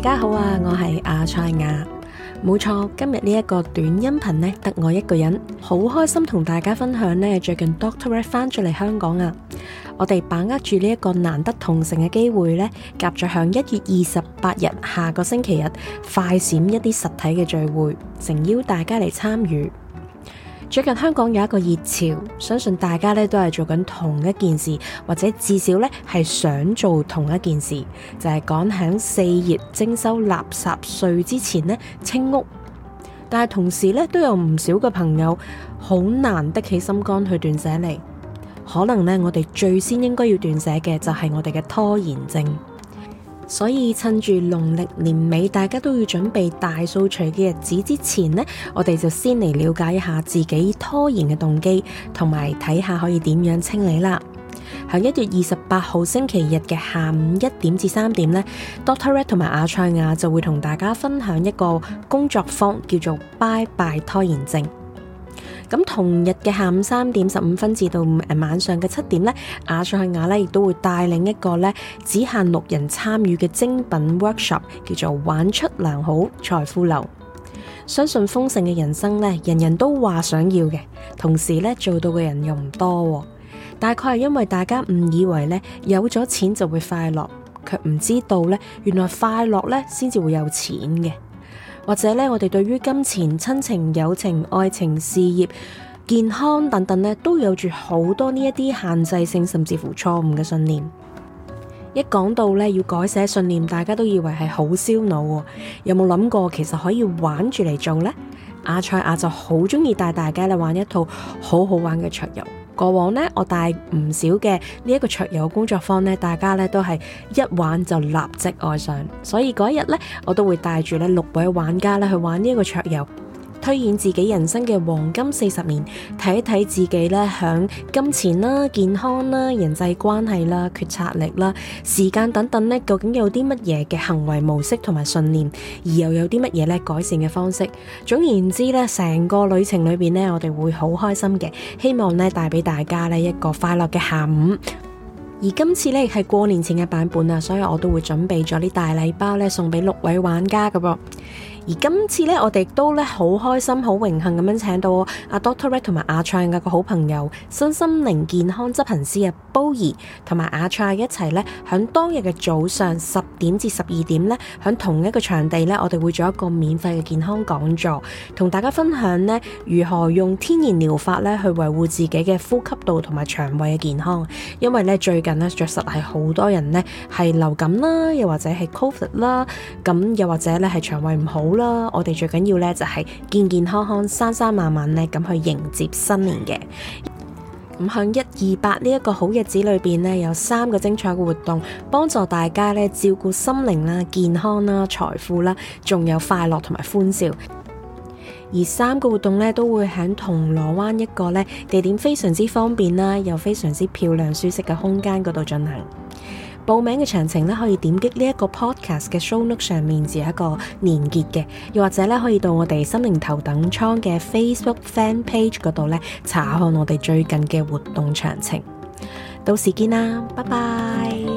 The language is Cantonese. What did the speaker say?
大家好啊，我係亞賽雅，冇錯，今日呢一個短音頻咧，得我一個人，好開心同大家分享咧，最近 Dr. Red 翻咗嚟香港啊，我哋把握住呢一個難得同城嘅機會咧，夾著響一月二十八日下個星期日，快閃一啲實體嘅聚會，誠邀大家嚟參與。最近香港有一個熱潮，相信大家咧都係做緊同一件事，或者至少咧係想做同一件事，就係趕響四月徵收垃圾稅之前呢清屋。但係同時咧都有唔少嘅朋友好難得起心肝去斷捨離，可能咧我哋最先應該要斷捨嘅就係我哋嘅拖延症。所以趁住農曆年尾，大家都要準備大掃除嘅日子之前呢，我哋就先嚟了解一下自己拖延嘅動機，同埋睇下可以點樣清理啦。喺一月二十八號星期日嘅下午一點至三點呢 Doctor Red 同埋亞賽雅就會同大家分享一個工作坊，叫做《拜拜拖延症》。咁同日嘅下午三點十五分至到晚上嘅七點呢，亞賽雅呢亦都會帶領一個呢只限六人參與嘅精品 workshop，叫做玩出良好財富流。相信豐盛嘅人生呢，人人都話想要嘅，同時呢做到嘅人又唔多喎。大概係因為大家誤以為呢，有咗錢就會快樂，卻唔知道呢，原來快樂呢先至會有錢嘅。或者咧，我哋對於金錢、親情、友情、愛情、事業、健康等等咧，都有住好多呢一啲限制性，甚至乎錯誤嘅信念。一講到咧要改寫信念，大家都以為係好燒腦喎。有冇諗過其實可以玩住嚟做呢？亞賽雅就好鍾意帶大家嚟玩一套好好玩嘅桌遊。過往呢，我帶唔少嘅呢一個桌遊工作坊呢，大家呢都係一玩就立即愛上，所以嗰一日呢，我都會帶住呢六位玩家呢去玩呢一個桌遊。推演自己人生嘅黃金四十年，睇一睇自己咧響金錢啦、健康啦、人際關係啦、決策力啦、時間等等咧，究竟有啲乜嘢嘅行為模式同埋信念，而又有啲乜嘢咧改善嘅方式。總言之咧，成個旅程裏邊呢，我哋會好開心嘅。希望呢帶俾大家呢一個快樂嘅下午。而今次呢係過年前嘅版本啊，所以我都會準備咗啲大禮包呢，送俾六位玩家噶噃。而今次咧，我哋都咧好開心、好榮幸咁樣請到、啊、Red 阿 Doctor Red 同埋阿聰嘅個好朋友身心靈健康執行師啊，BoWie 同埋阿聰一齊咧，響當日嘅早上十點至十二點咧，響同一個場地咧，我哋會做一個免費嘅健康講座，同大家分享咧如何用天然療法咧去維護自己嘅呼吸道同埋腸胃嘅健康。因為咧最近咧，着實係好多人咧係流感啦，又或者係 COVID 啦，咁又或者咧係腸胃唔好。我哋最緊要咧就係健健康康、生生猛猛咧咁去迎接新年嘅。咁響一二八呢一個好日子裏邊呢，有三個精彩嘅活動，幫助大家咧照顧心靈啦、健康啦、財富啦，仲有快樂同埋歡笑。而三個活動呢，都會喺銅鑼灣一個呢地點非常之方便啦，又非常之漂亮舒適嘅空間嗰度進行。報名嘅詳情可以點擊呢一個 podcast 嘅 show notes 上面係有一個連結嘅，又或者可以到我哋心靈頭等艙嘅 Facebook fan page 嗰度查看我哋最近嘅活動詳情。到時見啦，拜拜。